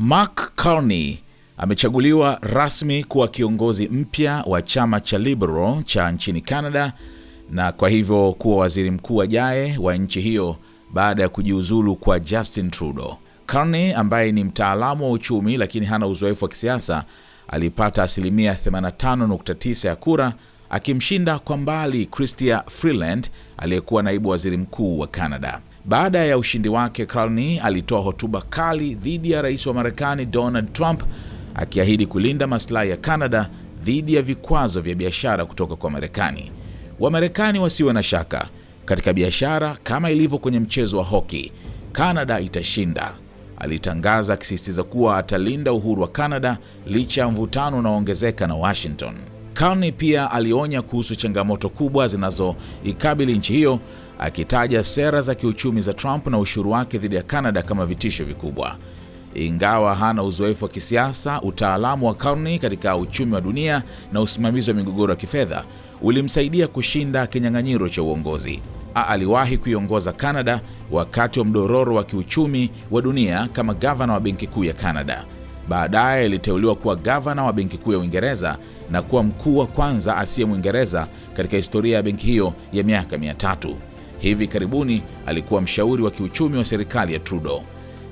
Mark Carney amechaguliwa rasmi kuwa kiongozi mpya wa chama cha Liberal cha nchini Canada na kwa hivyo kuwa waziri mkuu ajaye wa nchi hiyo baada ya kujiuzulu kwa Justin Trudeau. Carney ambaye ni mtaalamu wa uchumi lakini hana uzoefu wa kisiasa alipata asilimia 85.9 ya kura akimshinda kwa mbali Chrystia Freeland aliyekuwa naibu waziri mkuu wa Canada. Baada ya ushindi wake, Carney alitoa hotuba kali dhidi ya rais wa Marekani Donald Trump akiahidi kulinda maslahi ya Canada dhidi ya vikwazo vya biashara kutoka kwa Marekani. Wamarekani wasiwe na shaka, katika biashara kama ilivyo kwenye mchezo wa hoki, Canada itashinda, alitangaza akisisitiza kuwa atalinda uhuru wa Canada licha ya mvutano unaoongezeka na Washington. Karni pia alionya kuhusu changamoto kubwa zinazoikabili nchi hiyo, akitaja sera za kiuchumi za Trump na ushuru wake dhidi ya Canada kama vitisho vikubwa. Ingawa hana uzoefu wa kisiasa, utaalamu wa Carney katika uchumi wa dunia na usimamizi wa migogoro ya kifedha ulimsaidia kushinda kinyang'anyiro cha uongozi. A aliwahi kuiongoza Canada wakati wa mdororo wa kiuchumi wa dunia kama gavana wa Benki Kuu ya Canada. Baadaye aliteuliwa kuwa gavana wa benki kuu ya Uingereza na kuwa mkuu wa kwanza asiye Mwingereza katika historia ya benki hiyo ya miaka mia tatu. Hivi karibuni alikuwa mshauri wa kiuchumi wa serikali ya Trudeau.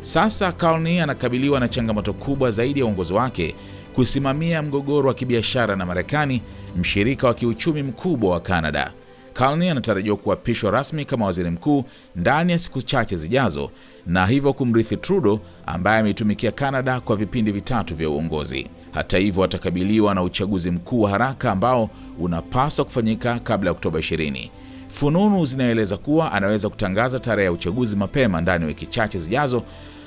Sasa Carney anakabiliwa na changamoto kubwa zaidi ya uongozi wake, kusimamia mgogoro wa kibiashara na Marekani, mshirika wa kiuchumi mkubwa wa canada Carney anatarajiwa kuapishwa rasmi kama waziri mkuu ndani ya siku chache zijazo na hivyo kumrithi Trudeau ambaye ameitumikia Canada kwa vipindi vitatu vya uongozi. Hata hivyo, atakabiliwa na uchaguzi mkuu wa haraka ambao unapaswa kufanyika kabla ya Oktoba 20. Fununu zinaeleza kuwa anaweza kutangaza tarehe ya uchaguzi mapema ndani ya wiki chache zijazo,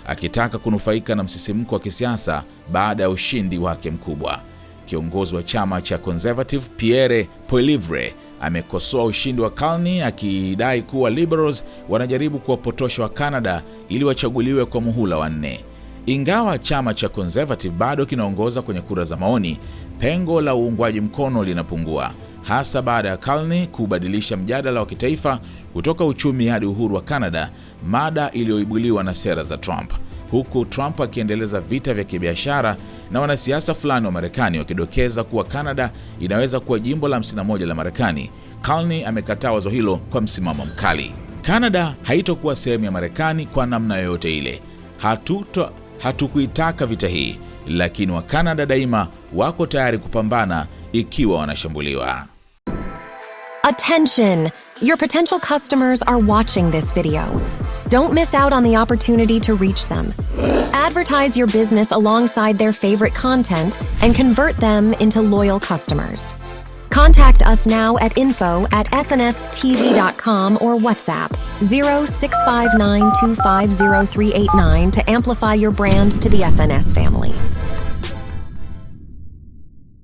akitaka kunufaika na msisimko wa kisiasa baada ya ushindi wake mkubwa. Kiongozi wa chama cha Conservative Pierre Poilievre amekosoa ushindi wa Carney akidai kuwa Liberals wanajaribu kuwapotosha wa Canada ili wachaguliwe kwa muhula wa nne. Ingawa chama cha Conservative bado kinaongoza kwenye kura za maoni, pengo la uungwaji mkono linapungua, hasa baada ya Carney kubadilisha mjadala wa kitaifa kutoka uchumi hadi uhuru wa Canada, mada iliyoibuliwa na sera za Trump huku Trump akiendeleza vita vya kibiashara na wanasiasa fulani wa Marekani wakidokeza kuwa Kanada inaweza kuwa jimbo la 51 la Marekani. Carney amekataa wazo hilo kwa msimamo mkali. Kanada haitokuwa sehemu ya Marekani kwa namna yoyote ile. Hatuto hatukuitaka vita hii, lakini wa Canada daima wako tayari kupambana ikiwa wanashambuliwa. Attention, your potential customers are watching this video. Don't miss out on the opportunity to reach them. Advertise your business alongside their favorite content and convert them into loyal customers. Contact us now at info at snstz.com or WhatsApp 0659250389 to amplify your brand to the SNS family.